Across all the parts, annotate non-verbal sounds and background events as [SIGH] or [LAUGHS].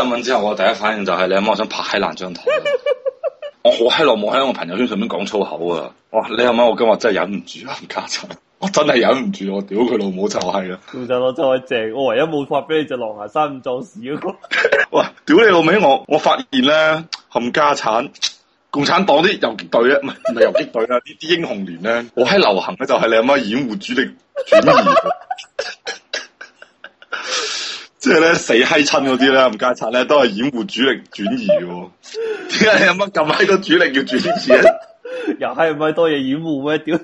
新聞之後，我第一反應就係、是、你阿媽，媽想拍喺爛張台。 [LAUGHS] 我好閪落，冇喺我朋友圈上面講粗口啊！哇，你阿媽，媽我今日真係忍唔住啊！冚家鏟，我真係忍唔住，我屌佢老母就係啊！其實我真係正，我唯一冇發俾你隻狼牙山咁壯士嗰個。屌你老味我！我發現咧冚家鏟，共產黨啲遊擊隊啊，唔係唔係遊擊隊啊，呢啲 [LAUGHS] [LAUGHS] [LAUGHS] 英雄連咧，我喺流行咧就係你阿媽掩護主力全員。 [LAUGHS] 即係咧，死閪親嗰啲咧，冚家拆咧，都係掩護主力轉移。點解你有乜咁閪多主力要轉移啊？ [LAUGHS] 又係咪多嘢掩護咩？屌，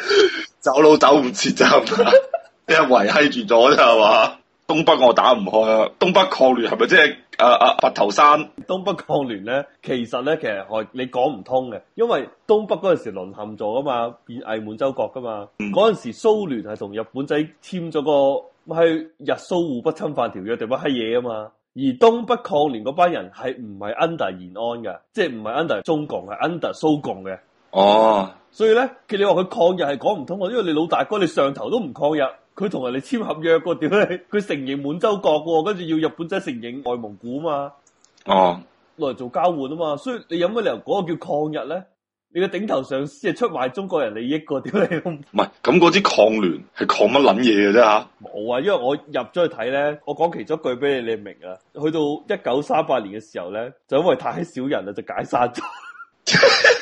[LAUGHS] 走佬走唔切咋？一圍閪住咗啫係嘛？東北我打唔開啦。東北抗聯係咪即係誒誒白頭山？東北抗聯咧，其實咧，其實你講唔通嘅，因為東北嗰陣時淪陷咗啊嘛，變偽滿洲國噶嘛。嗰陣、嗯、時蘇聯係同日本仔簽咗個。咪係日蘇互不侵犯條約定乜閪嘢啊嘛？而東北抗聯嗰班人係唔係 under 延安噶，即係唔係 under 中共，係 under 蘇共嘅。哦，oh. 所以咧，其實你話佢抗日係講唔通，因為你老大哥你上頭都唔抗日，佢同人哋簽合約個屌你，佢承認滿洲國，跟住要日本仔承認外蒙古啊嘛，哦，嚟做交換啊嘛，所以你有乜理由嗰個叫抗日咧？你個頂頭上司啊出賣中國人利益個點你唔係咁嗰支抗聯係抗乜撚嘢嘅啫吓，冇啊！因為我入咗去睇咧，我講其中一句俾你，你明啊！去到一九三八年嘅時候咧，就因為太少人啦，就解散咗。 [LAUGHS] [LAUGHS]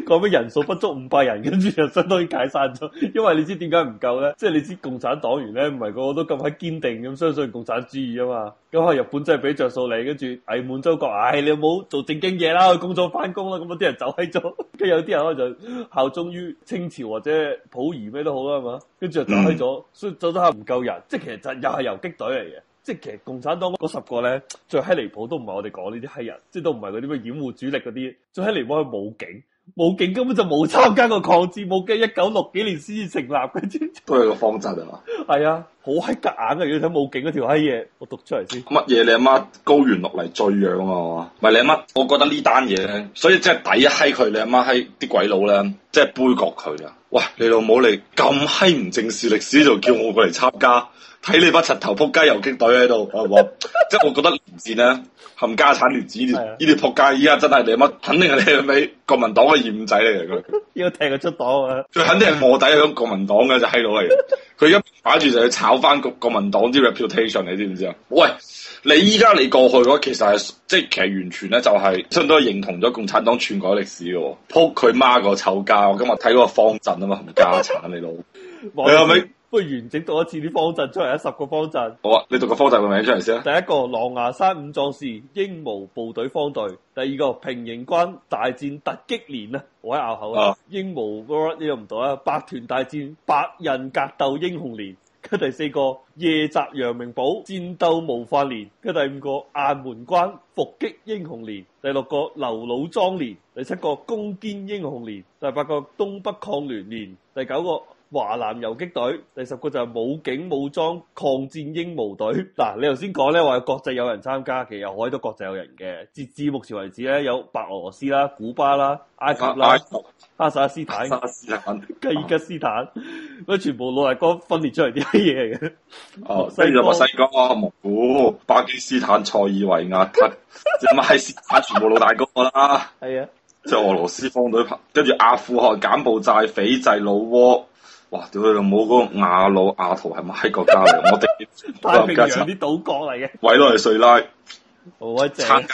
講乜 [LAUGHS] 人數不足五百人，跟住就相當於解散咗。因為你知點解唔夠咧？即係你知共產黨員咧，唔係個個都咁鬼堅定咁相信共產主義啊嘛。咁啊，日本真係俾着數你，跟住偽滿洲國，唉、哎，你有冇做正經嘢啦，去工作翻工啦。咁啊，啲 [LAUGHS] 人走喺咗，跟住有啲人可能就效忠於清朝或者溥儀咩都好啦，係嘛。跟住就走喺咗， [LAUGHS] 所以走走下唔夠人，即係其實就又係游擊隊嚟嘅。即係其實共產黨嗰十個咧最閪離譜，都唔係我哋講呢啲閪人，即係都唔係嗰啲咩掩護主力嗰啲，最閪離譜係武警。武警根本就冇參加過抗戰，武警一九六幾年先成立嘅，都係個方隊係嘛？係 [LAUGHS] 啊，好閪夾硬啊。要睇武警嗰條閪嘢，我讀出嚟先。乜嘢？你阿媽高原落嚟醉氧啊？嘛，唔係你阿媽？我覺得呢單嘢咧，所以真係抵一閪佢，你阿媽閪啲鬼佬啦，即係杯葛佢啊！喂，你老母你咁閪唔正視歷史就叫我過嚟參加。 [LAUGHS] 睇你把柒頭仆街游擊隊喺度，即係我覺得唔見咧，冚家鏟連子呢條呢條仆街，依家 [MUSIC] 真係你乜？肯定係你係咪國民黨嘅二五仔嚟噶，要踢佢出黨啊！佢肯定係臥底響國民黨嘅，就喺度嚟佢一擺住就要炒翻國國民黨啲 reputation，你知唔知啊？喂，你依家你過去嘅其實係即係其實完全咧、就是，就係真都認同咗共產黨篡改歷史嘅，仆佢媽個臭家！我今日睇嗰個方陣啊嘛，冚家鏟你都。你阿妹。 [MUSIC] 不如完整讀一次啲方陣出嚟啊！十個方陣。好啊，你讀個方陣嘅名出嚟先。第一個狼牙山五壯士英模部隊方隊，第二個平型關大戰突擊連啊，我喺拗口啊。英模嗰個呢個唔到啊，百團大戰百人格鬥英雄連。佢第四個夜襲陽明堡戰鬥模範連。佢第五個雁門關伏擊英雄連。第六個劉老莊連。第七個攻堅英雄連。第八個東北抗聯連。第九個，華南遊擊隊，第十個就係武警武裝抗戰英模隊。嗱，你頭先講咧話國際有人參加，其實好多國際有人嘅。截至目前為止咧，有白俄羅斯啦、古巴啦、埃及啦、啊啊啊啊、哈薩斯坦、吉爾吉斯坦，乜、啊、全部老大哥分裂出嚟啲乜嘢嘅。哦、啊，西住跟就墨西哥、蒙古、巴基斯坦、塞爾維亞，吉吉爾斯坦，全部老大哥啦。係 [LAUGHS] 啊，即係 [LAUGHS] 俄羅斯方隊，跟住阿富汗、柬埔寨、斐濟、老撾。哇！屌你老母，嗰個亞魯亞圖係咪喺國家嚟？我哋太平洋啲島國嚟嘅。委內瑞拉好閪正，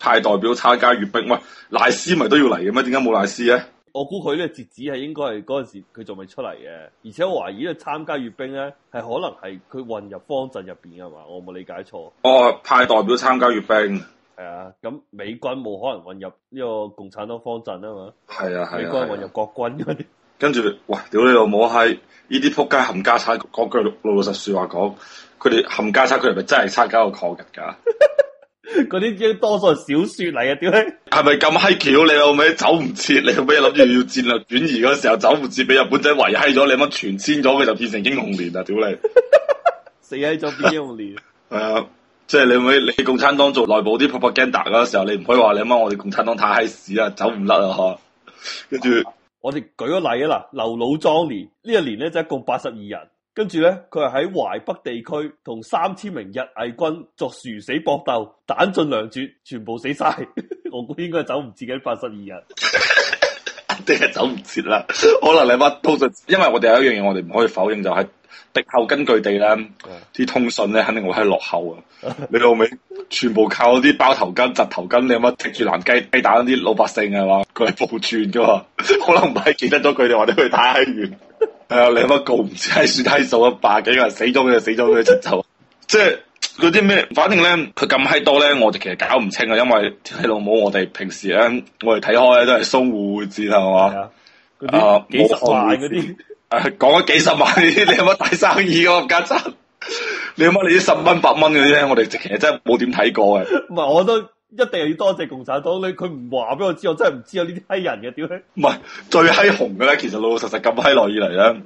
派代表參加閱兵。喂，賴斯咪都要嚟嘅咩？點解冇賴斯咧？我估佢咧，截止係應該係嗰陣時佢仲未出嚟嘅。而且我懷疑咧，參加閱兵咧，係可能係佢混入方陣入邊嘅嘛？我冇理解錯。哦，派代表參加閱兵，係啊。咁美軍冇可能混入呢個共產黨方陣啊嘛？係啊，係啊。美軍混入國軍跟住，哇！屌你老母閪！呢啲仆街冚家鏟，講句老老實說話講，佢哋冚家鏟，佢係咪真係參加過抗日噶？嗰啲多數係小說嚟啊！屌你，係咪咁閪橋？你老味走唔切，你老味諗住要戰略轉移嗰時候走唔切，俾日本仔圍閪咗，你乜全殲咗佢就變成英雄連啦！屌你， [LAUGHS] 死喺咗變英雄連。係啊、 [LAUGHS] 呃，即係你老味你共産黨做內部啲 propaganda 嗰時候，你唔可以話你乜我哋共産黨太閪屎啦，走唔甩啊！嗬、嗯，跟住。我哋舉個例啊嗱，劉老莊年，年呢一年咧就一共八十二人，跟住咧佢係喺淮北地區同三千名日偽軍作殊死搏鬥，彈盡糧絕，全部死晒。 [LAUGHS] 我估應該係走唔切嘅，八十二人，一定係走唔切啦。可能你屈都實，因為我哋有一樣嘢，我哋唔可以否認就係、是。敵後根據地咧，啲通訊咧，肯定會喺落後啊！你老味，全部靠啲包頭巾、紮頭巾，你有乜踢住南雞雞蛋啲老百姓係嘛？佢係報轉噶，可能唔係記得咗佢哋，或者佢太完，係啊，你有乜告唔知係算閪數啊？百幾個人死咗佢，就死咗佢，節奏，即係嗰啲咩？反正咧，佢咁閪多咧，我哋其實搞唔清啊，因為老母我哋平時咧，我哋睇開咧都係松戶字係嘛？啊，冇壞嗰啲。誒，講咗、啊、幾十萬你，你有乜大生意嘅？家陣，你有乜你啲十蚊百蚊嗰啲咧，我哋其實真係冇點睇過嘅。唔係，我都一定係要多謝，謝共產黨，你佢唔話俾我知，我真係唔知有呢啲閪人嘅，屌，唔係最閪紅嘅咧，其實老老實實咁閪落以嚟咧。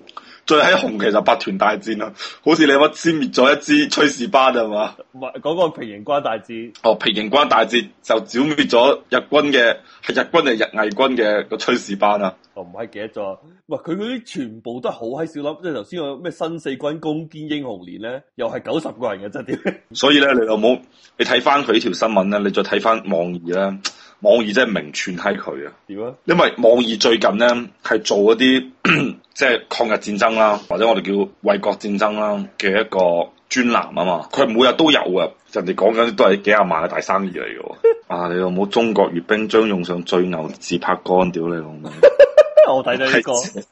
最喺紅旗就百團大戰啊，好似你殲滅咗一支炊事班係嘛？唔係嗰個平型關大戰。哦，平型關大戰就剿滅咗日軍嘅，係日軍定日偽軍嘅個炊事班啊？哦，唔係記得咗。喂，佢嗰啲全部都好閪笑，諗即係頭先個咩新四軍攻堅英雄連咧，又係九十個人嘅真點？所以咧，你有冇你睇翻佢條新聞咧？你再睇翻網易啦。網易真係名傳喺佢啊，點啊？因為網易最近咧係做一啲即係抗日戰爭啦，或者我哋叫衛國戰爭啦嘅一個專欄啊嘛，佢每日都有啊，人哋講緊都係幾廿萬嘅大生意嚟嘅。 [LAUGHS] 啊，你有冇中國閱兵將用上最牛自拍杆？屌你老母！我睇睇呢，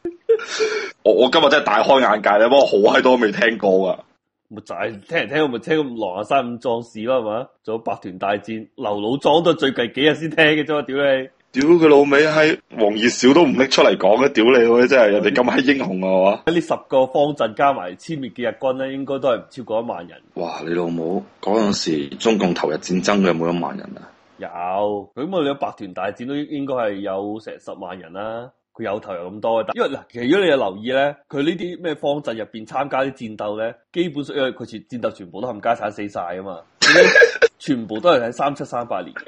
我我今日真係大開眼界，你不過好閪多未聽過噶。冇仔，聽人聽我咪聽咁狼牙山五壯士咯，係嘛？仲有百團大戰，劉老莊都最近幾日先聽嘅啫，屌你！屌佢老味，係王二小都唔拎出嚟講嘅，屌你！真係人哋咁閪英雄啊，係嘛？呢十個方陣加埋殲滅嘅日軍咧，應該都係唔超過一萬人。哇！你老母嗰陣時中共投入戰爭嘅有冇一萬人啊？有，咁我哋有百團大戰都應該係有成十萬人啦。佢有頭有咁多，但係因為嗱，其實如果你有留意咧，佢呢啲咩方陣入邊參加啲戰鬥咧，基本上因為佢戰戰鬥全部都冚家鏟死晒啊嘛， [LAUGHS] 全部都係喺三七三八年噶。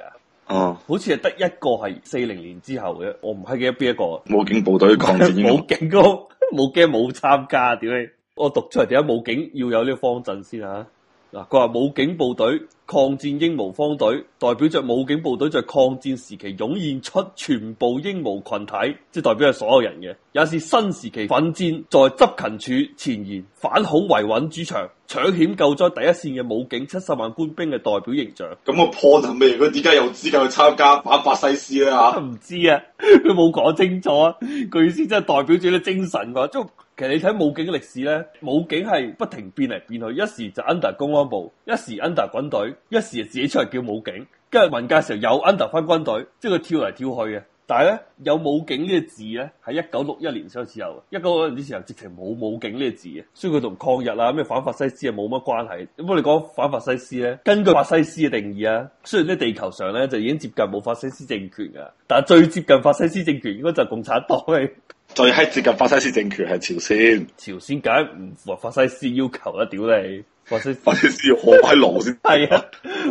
哦，好似係得一個係四零年之後嘅，我唔係記得邊一個，武警部隊抗戰武，武警嘅，冇驚冇參加，點解？我讀出嚟，點解武警要有呢個方陣先啊？嗱，佢話武警部隊抗戰英模方隊，代表着武警部隊在抗戰時期湧現出全部英模群體，即係代表係所有人嘅，也是新時期奮戰在執勤處前沿、反恐維穩主場、搶險救災第一線嘅武警七十萬官兵嘅代表形象。咁個 point 係咩？佢點解有資格去參加反法西斯咧？唔知啊，佢冇講清楚啊。佢意思即係代表住啲精神喎啊。就。其實你睇武警嘅歷史呢，武警係不停變嚟變去，一時就 under 公安部，一時 under 軍隊，一時就自己出嚟叫武警，跟住文革時候又 under 翻軍隊，即係佢跳嚟跳去嘅。但係咧，有武警呢個字咧，喺一九六一年先開始有。一九六一年之前，直情冇武警呢個字嘅。所以佢同抗日啦、咩反法西斯啊冇乜關係。咁我哋講反法西斯咧，根據法西斯嘅定義啊，雖然呢地球上咧就已經接近冇法西斯政權噶，但係最接近法西斯政權應該就係共產黨。最閪接近法西斯政權係朝鮮。朝鮮梗唔符合法西斯要求啦，屌你！法西法西斯要開羅先。係啊，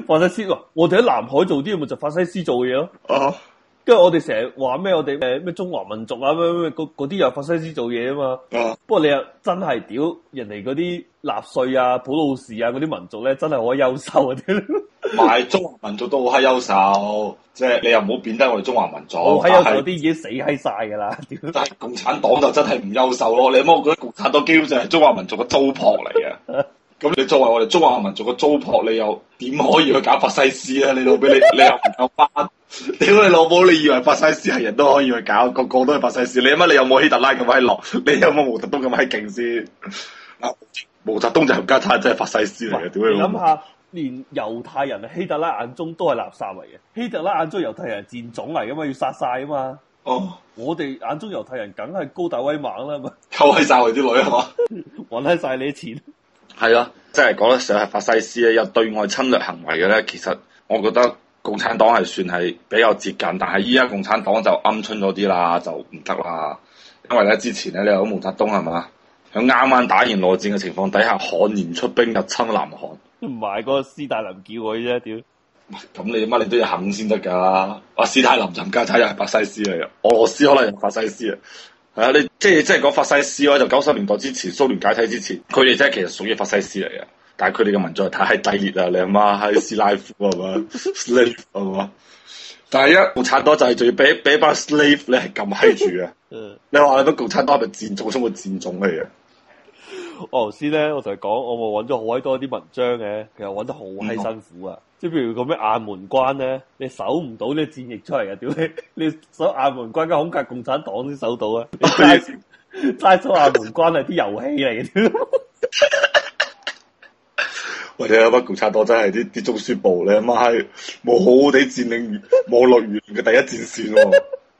法西斯話我哋喺南海做啲，咪就法西斯做嘢咯。啊！跟住我哋成日話咩？我哋誒咩中華民族啊，咩咩嗰啲又係法西斯做嘢啊嘛。啊不過你又真係屌人哋嗰啲納粹啊、普魯士啊嗰啲民族咧，真係好優秀啊！啲唔係，中華民族都好閪優秀，即係你又唔好貶低我哋中華民族。哦、但係是有啲已嘢死喺晒噶啦， [LAUGHS] 但係共產黨就真係唔優秀咯。你有冇覺得共產黨基本上係中華民族嘅糟粕嚟啊！ [LAUGHS] 咁你作為我哋中華民族嘅糟粕，你又點可以去搞法西斯咧？你老，俾你你又唔夠班。屌你，你老母！你以為法西斯係人都可以去搞，個個，個都係法西斯？你諗下，你有冇希特拉咁威落？你，你有冇毛澤東咁威勁先？嗱、啊，毛澤東就冚家鏟，真係法西斯嚟嘅。你諗下，連猶太人希特拉眼中都係垃圾嚟嘅，希特拉眼中猶太人賤種嚟噶嘛？要殺晒啊嘛！哦，我哋眼中猶太人梗係高大威猛啦，嘛，溝起晒佢啲女係嘛，搵起晒你啲錢。係咯、啊，即係講得上係法西斯咧，有對外侵略行為嘅咧，其實我覺得共產黨係算係比較接近，但係依家共產黨就鵪鶉咗啲啦，就唔得啦。因為咧之前咧，你有毛澤東係嘛，喺啱啱打完內戰嘅情況底下，悍然出兵入侵南韓。唔係，個斯大林叫佢啫，屌！咁你乜你都要肯先得噶。啊，斯大林陳家仔又係法西斯嚟嘅，俄羅斯可能係法西斯啊。啊！你即係即係講法西斯咯，就九十年代之前蘇聯解體之前，佢哋真係其實屬於法西斯嚟嘅。但係佢哋嘅民族太低劣啦，你阿媽係斯拉夫係嘛？Slave 係嘛？但係一共產黨就係仲要俾俾一班 slave 你係撳喺住啊！你話啲共產黨係咪賤種中嘅賤種嚟啊？俄羅斯咧，我就係講，我咪搵咗好鬼多啲文章嘅，其實搵得好閪辛苦啊！即係譬如個咩雁門關咧，你守唔到呢戰役出嚟啊！屌你，你守雁門關嘅恐嚇共產黨先守到啊！齋守雁門關係啲遊戲嚟，嘅或者阿乜共產黨真係啲啲中宣部咧，媽閪冇好好地佔領網絡員嘅第一戰線，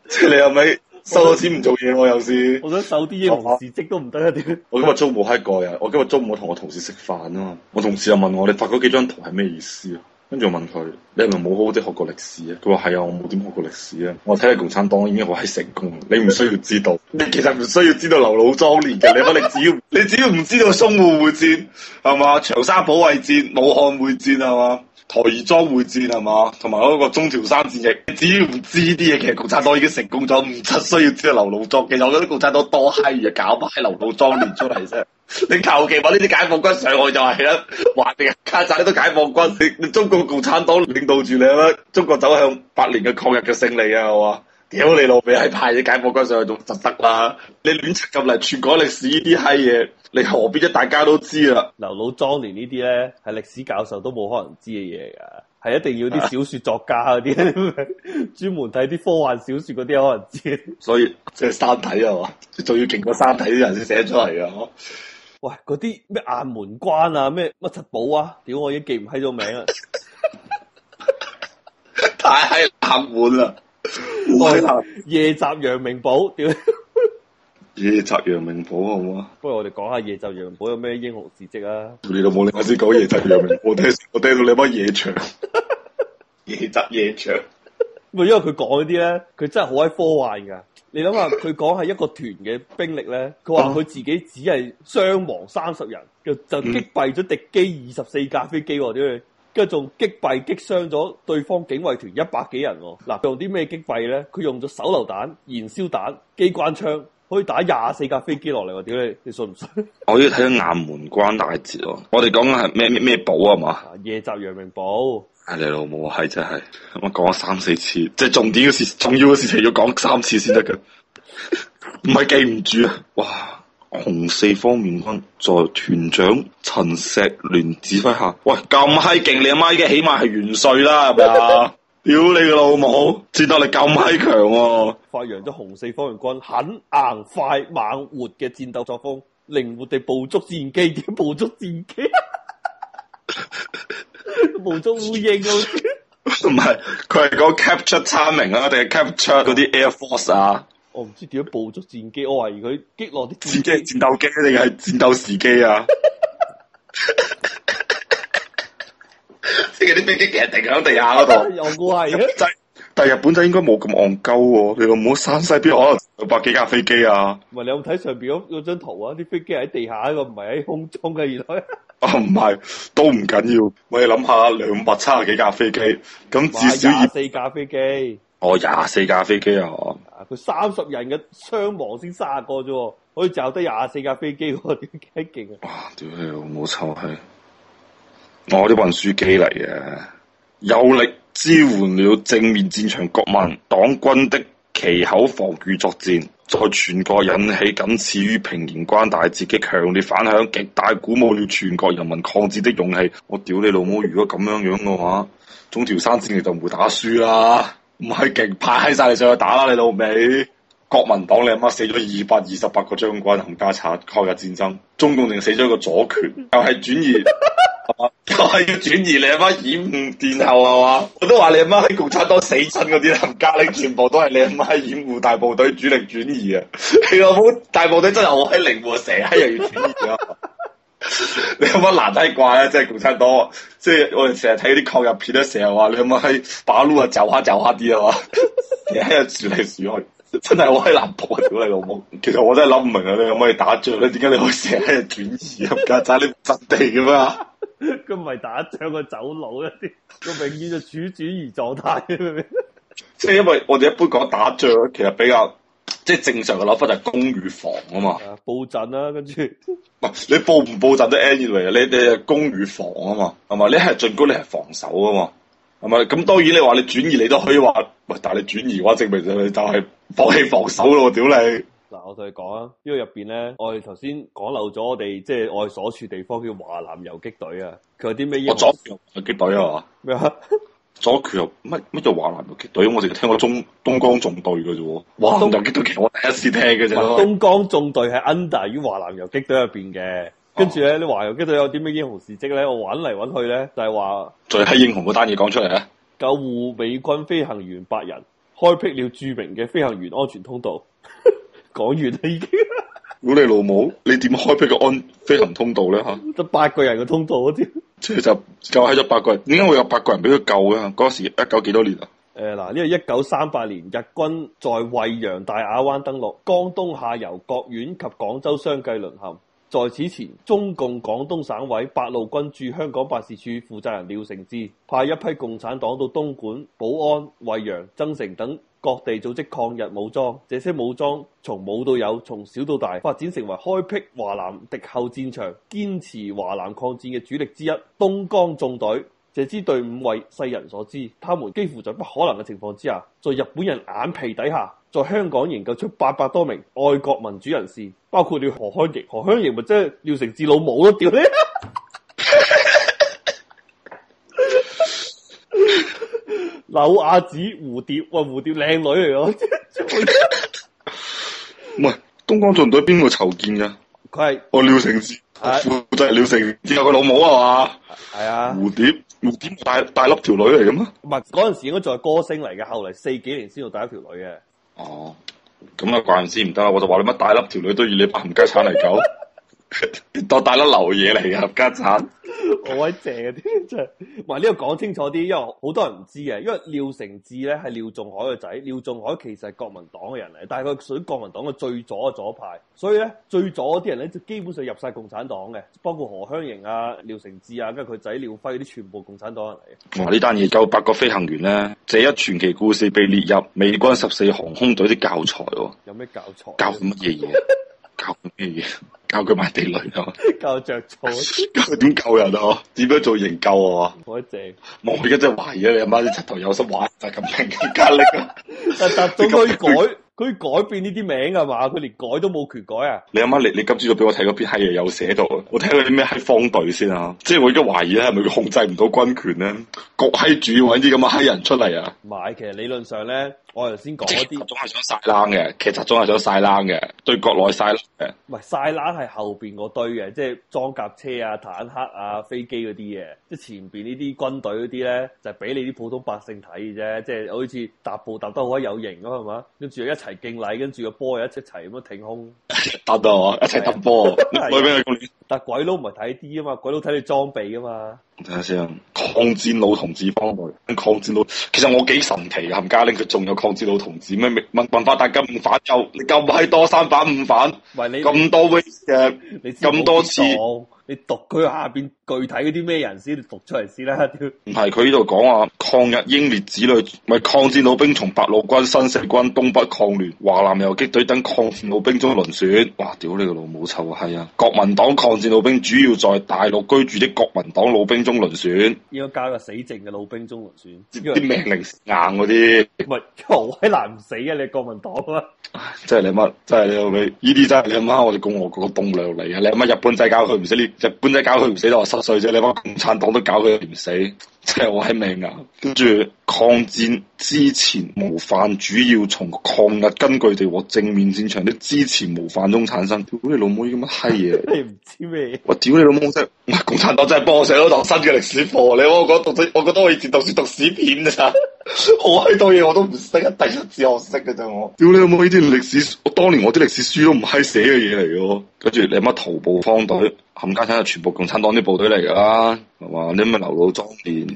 即係你有咪？收咗錢唔做嘢，我又是。我想收啲嘢，英雄事蹟都唔得啊！點？ [LAUGHS] 我今日中午冇閪過呀，我今日中午同我同事食飯啊嘛。我同事又問我，你發嗰幾張圖係咩意思啊？跟住我問佢，你係咪冇好好地學過歷史啊？佢話係啊，我冇點學過歷史啊。我睇你共產黨已經好閪成功，你唔需要知道。 [LAUGHS] 你其實唔需要知道劉老莊連嘅，你唔你只要你只要唔知道淞滬會戰係嘛，長沙保衛戰、武漢會戰係嘛。台兒莊會戰係嘛，同埋嗰個中條山戰役，只要唔知啲嘢，其實共產黨已經成功咗，唔出需要知劉老莊。我覺得共產黨多閪嘢，搞埋劉老莊連出嚟啫、 [LAUGHS] 就是。你求其揾呢啲解放軍上去就係啦，話俾人卡晒呢啲解放軍，你中國共產黨領導住你啦，中國走向百年嘅抗日嘅勝利啊，係嘛？屌你老味，係派啲解放軍上去仲就得啦？你亂插咁嚟篡改歷史呢啲閪嘢。你何必啫？大家都知啦。劉老莊年呢啲咧，係歷史教授都冇可能知嘅嘢噶，係一定要啲小說作家嗰啲，專、啊、 [LAUGHS] 門睇啲科幻小說嗰啲可能知。所以即係三體啊嘛，仲要勁過三體啲人先寫出嚟啊！喂，嗰啲咩雁門關啊，咩乜柒寶啊，屌我已經記唔起咗名啊！ [LAUGHS] 太係雁門啦， [LAUGHS] 夜襲陽明堡，屌！ [LAUGHS] 夜襲陽明堡好唔好啊？不如我哋講下夜襲陽明堡有咩英雄事蹟啊？你老母，我先講夜襲陽明堡。我聽我聽到你班夜長夜襲夜長，咁因為佢講嗰啲咧，佢真係好鬼科幻噶。你諗下，佢講係一個團嘅兵力咧，佢話佢自己只係傷亡三十人，就就擊斃咗敵機二十四架飛機。點跟住，跟住仲擊斃擊傷咗對方警衛團一百幾人。嗱、啊，用啲咩擊斃咧？佢用咗手榴彈、燃燒彈、機關槍。可以打廿四架飛機落嚟喎！屌你，你信唔信？我要睇咗雁門關大捷喎！我哋講緊係咩咩咩寶啊？嘛？夜襲陽明堡。阿你、哎、老母啊，係真係，我講咗三四次，即係重點嘅事，重要嘅事情要講三次先得㗎，唔係記唔住啊！哇，紅四方面軍在團長陳錫聯指揮下，喂咁閪勁！你阿媽已經起碼係元帥啦，係咪？ [LAUGHS] 屌你個老母！戰鬥力咁閪強喎！發揚咗紅四方面軍狠硬、快、猛、活嘅戰鬥作風，靈活地捕捉戰機，點捕捉戰機，啊？ [LAUGHS] 捕捉烏蠅啊！唔係，佢係嗰個 capture timing 啊，定係 capture 嗰啲 air force 啊？我唔知點樣捕捉戰機，我懷疑佢擊落啲戰機，戰鬥機定係戰鬥時機啊？ [LAUGHS] 即係啲飛機其實停響地下嗰度， [LAUGHS] 是但係日本仔應該冇咁戇鳩喎，你話唔好山西邊可能六百幾架飛機啊？唔係 [LAUGHS] 你有冇睇上邊嗰嗰張圖啊？啲飛機喺地下個，唔係喺空中嘅，原來。啊，唔係，都唔緊要。我哋諗下兩百七十幾架飛機，咁至少廿四架飛機。哦，廿四架飛機啊！佢三十人嘅傷亡先卅個啫，可以就得廿四架飛機，幾 [LAUGHS] 勁啊！哇， [LAUGHS] 屌你老母臭閪我啲、哦、運輸機嚟嘅，有力支援了正面戰場國民黨軍的奇口防禦作戰，在全國引起僅次於平型關大捷的強烈反響，極大鼓舞了全國人民抗戰的勇氣。我屌你老母！如果咁樣樣嘅話，中條山戰役就唔會打輸啦。唔係勁派晒你上去打啦，你老味！國民黨你阿媽死咗二百二十八個將軍同家產抗日戰爭，中共定死咗一個左權，又係轉移。 [LAUGHS] 我係、啊就係、要轉移你阿媽掩護殿後啊嘛？我都話你阿媽喺共產黨死親嗰啲啦，家你全部都係你阿媽掩護大部隊主力轉移， [LAUGHS] 轉移, [LAUGHS] 常常轉移 [LAUGHS] 啊！你老母大部隊真係好喺靈活，成日喺度要轉移啊！你阿媽難睇怪啊，即係共產黨，即係我哋成日睇啲抗日片咧，成日話你阿媽喺八路啊，走下走下啲啊嘛，成日轉嚟轉去，真係好喺南破啊！屌你老母，其實我真係諗唔明啊，你阿媽嚟打仗咧，點解你可以成日喺度轉移啊？搞晒啲陣地噶啊。咁唔係打仗，佢走佬一啲，佢永遠就處轉移狀態。即 [LAUGHS] 係因為我哋一般講打仗，其實比較即係正常嘅諗法就係攻與防啊嘛，啊，佈陣啦、啊，跟住唔 [LAUGHS] 你布唔佈陣都 anyway，你你係攻與防啊嘛，係咪？你係盡管你係防守啊嘛，係咪？咁當然你話你轉移，你你轉移你，你都可以話喂，但係你轉移嘅話，證明就係就係放棄防守咯，屌你！嗱，我同你講啊，呢個入邊咧，我哋頭先講漏咗我哋，即係我哋所處地方叫華南游擊隊啊。佢有啲咩英雄？游擊隊係嘛？咩啊？左權？乜乜叫華南游擊隊？我淨係聽過中東江縱隊嘅啫。華南游擊隊我第一次聽嘅啫。東江縱隊係 under 於華南游擊隊入邊嘅。跟住咧，啲華南游擊隊有啲咩英雄事跡咧？我揾嚟揾去咧，就係話最係英雄嗰單嘢講出嚟啊！救護美軍飛行員八人，開闢了著名嘅飛行員安全通道。講完啦已經，如果你老母，你點開俾個安飛行通道咧吓？得八 [LAUGHS] 個人嘅通道啊！屌，即係就救喺咗八個人，點解會有八個人俾佢救啊？嗰時一九幾多年啊？誒嗱、哎，呢個一九三八年，日軍在惠陽大亞灣登陸，江東下游各縣及廣州相繼淪陷。在此前，中共廣東省委八路軍駐香港辦事處負責人廖承志派一批共產黨到東莞、寶安、惠陽、增城等各地組織抗日武裝，這些武裝從冇到有，從小到大發展成為開闢華南敵後戰場、堅持華南抗戰嘅主力之一——東江縱隊。這支隊伍為世人所知，他們幾乎在不可能嘅情況之下，在日本人眼皮底下，在香港營救出八百多名愛國民主人士，包括了何香凝。何香凝咪即係廖承志老母咯、啊，屌你！柳亞子、蝴蝶喂，蝴蝶靚女嚟嘅，唔係東江縱隊邊個籌建嘅？佢係是我廖承志，負的責廖承志有個老母係嘛？係啊，的蝴蝶。點大大粒條女嚟嘅咩？唔係，嗰陣時應該仲係歌星嚟嘅，後嚟四幾年先到大咗條女嘅。哦，咁啊，怪唔之唔得啊。我就話你乜大粒條女都要你白唔雞鏟嚟搞。 [LAUGHS] [LAUGHS] 多大粒流嘢嚟嘅合家產，我喺謝啲真，同嗱，呢個講清楚啲，因為好多人唔知啊。因為廖承志咧係廖仲愷嘅仔，廖仲愷其實係國民黨嘅人嚟，但係佢屬於國民黨嘅最左嘅左派，所以咧最左嗰啲人咧就基本上入晒共產黨嘅，包括何香凝啊、廖承志啊，跟住佢仔廖輝啲全部共產黨人嚟。哇！呢單嘢夠八個飛行員啦，這一傳奇故事被列入美軍十四航空隊啲教材喎，哦。有咩教材教乜嘢嘢？ [LAUGHS] 教咩嘢？教佢埋地雷啊，教着草，教點救人啊，點樣做營救啊？好正，我而家真係懷疑啊，你阿媽啲柒頭有心玩就咁、是、平嘅壓力啊！ [LAUGHS] [LAUGHS] 但總可以改。 [LAUGHS] 佢改變呢啲名係嘛？佢連改都冇權改啊！你阿媽，你你今朝早俾我睇嗰篇閪嘢有寫到，我睇佢啲咩閪方隊先啊！即係我而家懷疑啦，係咪控制唔到軍權咧？國閪主要揾啲咁嘅閪人出嚟啊！唔係，其實理論上咧，我頭先講一啲，其實總係想晒冷嘅，其實總係想晒冷嘅，對國內晒冷嘅。唔係晒冷係後邊嗰堆嘅，即係裝甲車啊、坦克啊、飛機嗰啲嘢，即係前邊呢啲軍隊嗰啲咧，就係俾你啲普通百姓睇嘅啫，即係好似踏步踏得好有型咁係嘛，跟住一齊。係敬禮，跟住個波又一齊齊咁樣挺胸，打到我對一齊抌波，攞俾佢。但鬼佬唔係睇啲啊嘛，鬼佬睇你裝備啊嘛。睇下先，等等抗戰老同志方隊，抗戰老，其實我幾神奇啊！冚家拎佢仲有抗戰老同志咩？文文化大革命反右，你咁閪多三反五反，唔係你咁多，誒，你咁多，多次你，次你讀佢下邊具體嗰啲咩人先讀出嚟先啦。唔係佢呢度講啊，抗日英烈子女，咪抗戰老兵從八路軍、新四軍、東北抗聯、華南游擊隊等抗戰老兵中輪選。哇，屌你個老母臭啊！係啊，國民黨抗戰老兵主要在大陸居住的國民黨老兵。中輪選要加個死剩嘅老兵中輪選，啲命令硬嗰啲，唔係好閪難唔死嘅你國民黨啊！真係你乜真係你老味。呢啲真係你阿媽，我哋共和國個棟樑嚟嘅，你媽日本仔搞佢唔死，你日本仔搞佢唔死都話濕碎啫，你媽共產黨都搞佢唔死。即係我係命啊！跟住、 [NOISE] [NOISE] [NOISE] 嗯、抗戰之前模範主要從抗日根據地和正面戰場的之前模範中產生。屌你老母依啲乜閪嘢？你唔 [LAUGHS] 知咩？我 [NOISE] 屌，哎，你老母即係唔係共產黨真係幫我寫上咗堂新嘅歷史課。你我講讀書，我覺得我以前讀書讀屎片咋？啊 [LAUGHS] 好閪多嘢我都唔識，第一次學識嘅啫我。屌你有冇呢啲歷史？我當年我啲歷史書都唔係寫嘅嘢嚟咯。跟住你乜徒步方隊、冚家鏟係全部共產黨啲部隊嚟噶啦，係嘛？你乜劉老莊連？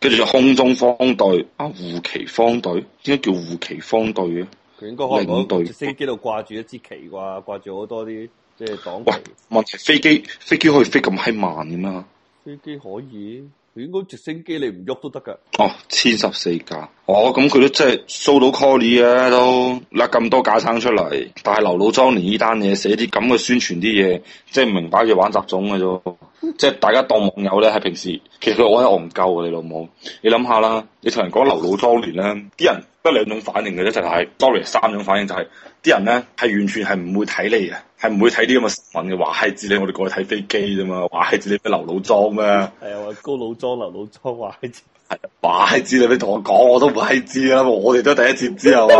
跟住就空中方隊、啊護旗方隊，點解叫護旗方隊嘅？佢應該可能講喺飛機度掛住一支旗啩，掛住好多啲即係黨旗。喂，問題飛機飛機可以飛咁閪慢嘅咩？飛機可以。應該直升機你唔喐都得噶。哦，千十四架。哦，咁佢都真係收到 call 你嘅都，甩咁多架撐出嚟。但係劉老莊連呢單嘢寫啲咁嘅宣傳啲嘢，即係明擺住玩雜種㗎啫。即係大家當網友咧，係平時其實我覺得，我唔夠嘅，你老母，你諗下啦，你同人講劉老莊年咧，啲人得兩種反應嘅，啫、就是。一齊睇，多啲三種反應就係、是、啲人咧，係完全係唔會睇你嘅，係唔會睇啲咁嘅新聞嘅，話嗨知你我哋過去睇飛機啫嘛，話嗨知你咩劉老莊咩？係啊，話高老莊劉老莊話嗨知，係，話嗨知你，你同我講我都唔嗨知啊。我哋都第一次知啊。 [LAUGHS]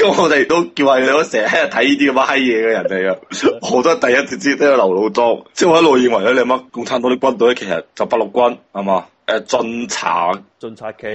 因 [MUSIC] 我哋都叫你阿媽成日睇呢啲咁嘅閪嘢嘅人哋啊，好多 [LAUGHS] [LAUGHS] 第一次知道都係劉老莊，即我一路認為你阿媽共產黨啲軍隊其實就八路軍係嘛？誒進蔣。偵察機，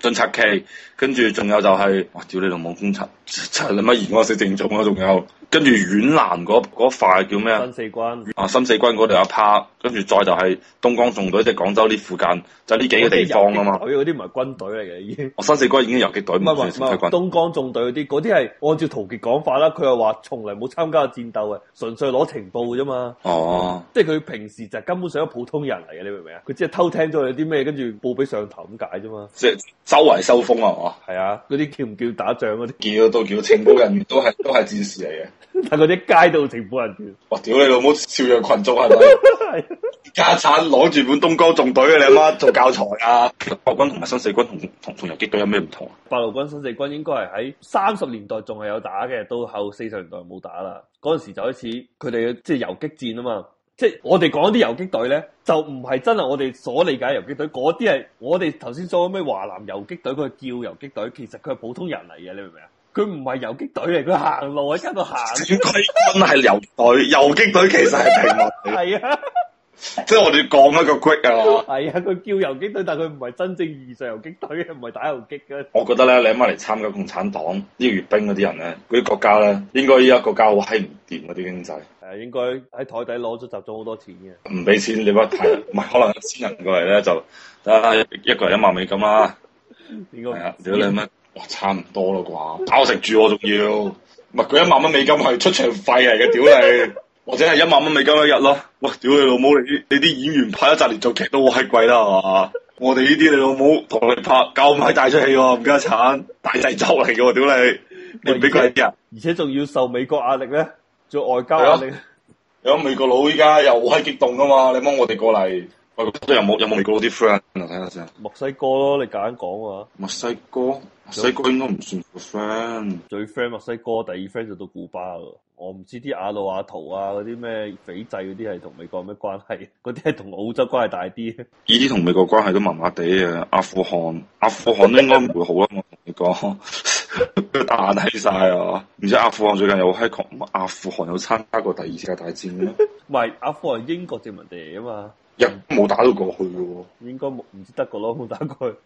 偵察機，跟住仲有就係、是，哇！屌你條網公賊，賊你乜而我死正種啊？仲有，跟住皖南嗰嗰塊叫咩啊？新四軍啊，新四軍嗰度一趴，跟住再就係東江縱隊，即係廣州呢附近，就呢幾個地方啊嘛。佢嗰啲唔係軍隊嚟嘅，已經。哦，新四軍已經游擊隊，唔係唔係東江縱隊嗰啲，嗰啲係按照陶傑講法啦，佢又話從來冇參加戰鬥嘅，純粹攞情報啫嘛。哦、啊，即係佢平時就根本上一普通人嚟嘅，你明唔明啊？佢只係偷聽咗有啲咩，跟住報俾上頭咁解。啫嘛，即係、就是、周圍收風啊嘛，係啊，嗰啲叫唔叫打仗嗰啲？叫都叫情報人員都係都係戰士嚟嘅。 [LAUGHS] 但係嗰啲街道情報人員，哇！屌你老母，朝陽群眾係咪？是是 [LAUGHS] 啊、家產攞住本東江縱隊啊，你阿媽做教材啊！八路軍同埋新四軍同同游擊隊有咩唔同啊？八路軍、新四軍應該係喺三十年代仲係有打嘅，到後四十年代冇打啦。嗰陣時就開始佢哋即係游擊戰啊嘛。即係我哋講啲游擊隊咧，就唔係真係我哋所理解游擊隊。嗰啲係我哋頭先所講咩華南游擊隊，佢叫游擊隊，其實佢係普通人嚟嘅，你明唔明啊？佢唔係游擊隊嚟，佢行路喺街度行。 [LAUGHS] 佢真係游擊隊，游擊隊其實係平民。係 [LAUGHS] 啊。 [LAUGHS] 即係我哋降一個 quick 啊！係啊、 [LAUGHS] 哎，佢叫游擊隊，但係佢唔係真正意義上游擊隊，唔係打游擊嘅。 [LAUGHS] 我覺得咧，你阿媽嚟參加共產黨呢個閱兵嗰啲人咧，嗰啲國家咧，應該依家國家好閪唔掂嗰啲經濟。係啊，應該喺台底攞咗集咗好多錢嘅。唔俾錢你乜？唔係可能私人過嚟咧，就得一個人一萬美金啊？啦。係啊，屌你阿媽，哇，差唔多啦啩，包食住我仲要，唔係佢一萬蚊美金係出場費嚟嘅，屌你！或者係一萬蚊美金一日咯，喂，屌你老母，你啲你啲演員拍一集連續劇都好閪貴啦，係嘛？ [LAUGHS] 我哋呢啲你老母同你拍夠唔係大出戲喎，冚家鏟大製作嚟嘅，屌你！你唔俾佢啲人？而且仲要受美國壓力咧，做外交壓力。有、啊、美國佬依家又好閪激動噶嘛？你幫我哋過嚟。我覺有冇有冇美國啲 friend？嚟睇下先。墨西哥咯，你夾硬講啊。墨米西哥，墨西，西哥應該唔算 friend。最 friend 墨西哥，第二 friend 就到古巴咯。我唔知啲阿魯阿圖啊嗰啲咩斐濟嗰啲係同美國咩關係？嗰啲係同澳洲關係大啲。呢啲同美國關係都麻麻地啊。阿富汗，阿富汗應該唔會好啦。 [LAUGHS] 我同你講，佢大抵晒啊。唔知阿富汗最近有喺同，阿富汗有參加過第二次世界大戰咩？唔係， [LAUGHS] 阿富汗英國殖民地啊嘛。入冇、嗯、打到過去嘅喎，應該冇，唔知德國佬冇打過去。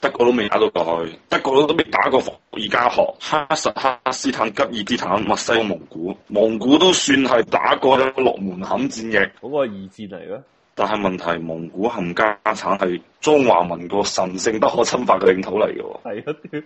德國都未打到過去，德國佬都未打過伏爾加河、哈薩克斯坦、吉爾吉坦、墨西哥蒙古，蒙古都算係打過一諾門坎戰役。嗰個二戰嚟嘅。但係問題蒙古冚家產係中華民國神聖不可侵犯嘅領土嚟嘅喎。係啊屌！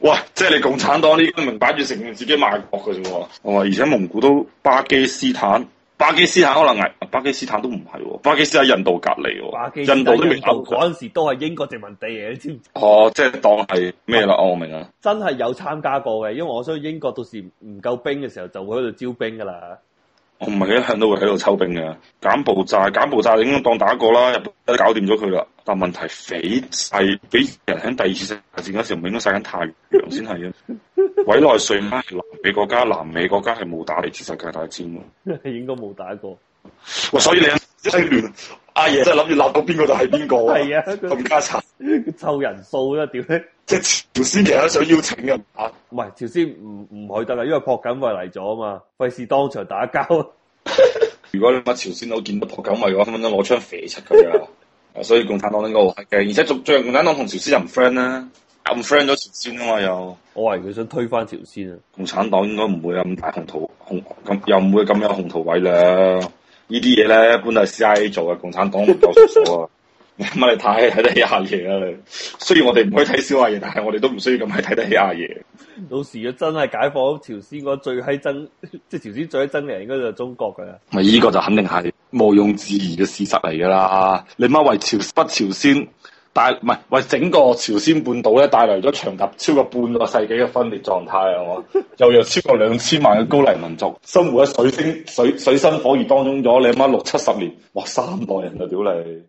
喂，即係你共產黨呢？明擺住承認自己賣國嘅啫喎。係而且蒙古都巴基斯坦。巴基斯坦可能係，巴基斯坦都唔係喎，巴基斯坦印度隔籬、哦，巴基印度，印度都未歐。嗰陣時都係英國殖民地嚟，你知唔知？哦，即係當係咩啦？嗯，我明啊，真係有參加過嘅，因為我相信英國到時唔夠兵嘅時候，就會喺度招兵噶啦。同埋一向都會喺度抽兵嘅，柬埔寨，柬埔寨應該當打過啦。日本都搞掂咗佢啦。但問題，俾世，俾人喺第二次世界戰嗰時，唔應該晒緊太陽先係啊。委內瑞拉南美國家，南美國家係冇打第二次世界大戰喎，應該冇打過。我所以咧，真係亂。阿爺、啊、真係諗住鬧到邊個就係邊個，係 [LAUGHS] 啊咁家殘湊人數啦、啊，點咧？即係朝鮮其實想邀請嘅，唔係朝鮮唔唔去得啦，因為朴槿惠嚟咗啊嘛，費事當場打交。 [LAUGHS] 如果你話朝鮮佬見到朴槿惠嘅話，咁分攞槍射出咁啊！ [LAUGHS] 所以共產黨應該好黑嘅，而且仲將共產黨同朝鮮又唔 friend 啦，唔 friend 咗朝鮮啊嘛又。我懷疑佢想推翻朝鮮啊！共產黨應該唔會有咁大鴻圖，鴻又唔會咁有鴻圖偉量。呢啲嘢咧，一般都係 CIA 做嘅，共產黨唔夠數啊！你媽你太睇得起阿爺啦！雖然我哋唔可以睇小阿爺，但係我哋都唔需要咁樣睇得起阿、啊、爺。到時若真係解放朝鮮，嗰最閪憎即係朝鮮最閪憎嘅人，應該就係中國噶啦。咪呢個就肯定係毋庸置疑嘅事實嚟噶啦！你媽為朝不朝鮮。但唔係為整個朝鮮半島咧帶嚟咗長達超過半個世紀嘅分裂狀態啊！我 [LAUGHS] 又有超過兩千萬嘅高麗民族生活喺水星水水深火熱當中咗，你媽六七十年，哇三代人啊屌你！